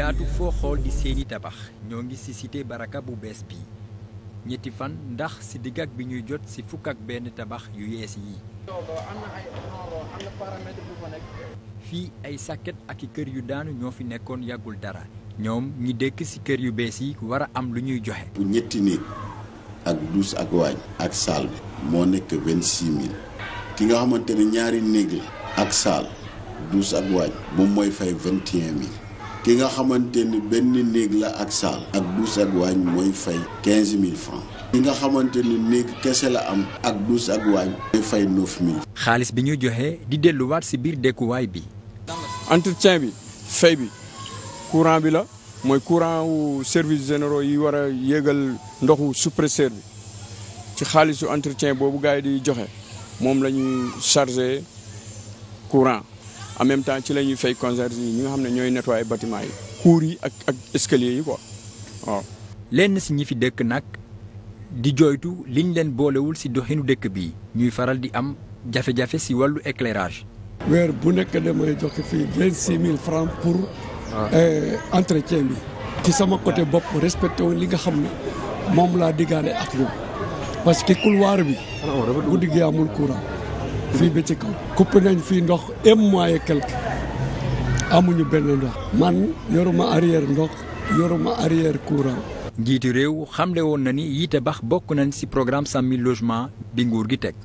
yaatu foo xool di tabax ñoo ngi ci cité Baraka bu bees bi ñetti fan ndax ci diggag bi ñuy jot ci fukk benn tabax yu yees yi fii ay sàkket ak kër yu daanu ñoo fi nekkoon yàggul dara ñoom ñi dëkk ci kër yu bees yi war a am lu ñuy joxe bu ñetti nit ak douche ak waañ ak saal bi moo nekk vingt-six mille ki nga xamante ne ñaari néeg ak saal douche ak waañ moom mooy fay ki nga xamante ni benn néeg la ak saal ak douche waañ mooy fay quinze mille francs ki nga xamante ni néeg kese la am ak douche waañ mooy fay neuf mille xaalis bi ñuy joxe di delluwaat ci biir dékkuwaay bi entretien bi fay bi courant bi la mooy courant wu service généraux yi war a yéegal ndoxu sous-presseur bi ci xaalisu entretien boobu gars yi di joxe moom la ñuy chargé courant en même temps ci la ñuy fay concierge yi ñi nga xam ne ñooy nettoyer bâtiment yi cour yi ak ak escalier yi quoi waaw. lenn si ñi fi dëkk nag di jooytu liñ leen boolewul si doxinu dëkk bi ñuy faral di am jafe-jafe si wàllu éclairage. weer bu nekk damay joxe jox vingt six mille francs pour. Ah. Euh, entretien bi. ci sama côté bopp respecté woon li nga xam ne moom laa diggaale ak ñoom parce que couloir bi. Ah, guddi gi amul courant. fii bi ci kaw coupé nañ fii ndox un mois et amuñu benn ndox man yoruma arrière ndox yoruma arrière courant njiitu réew xamle woon na ni yiite bax bokk nañ ci programme 100000 logements bi nguur gi teg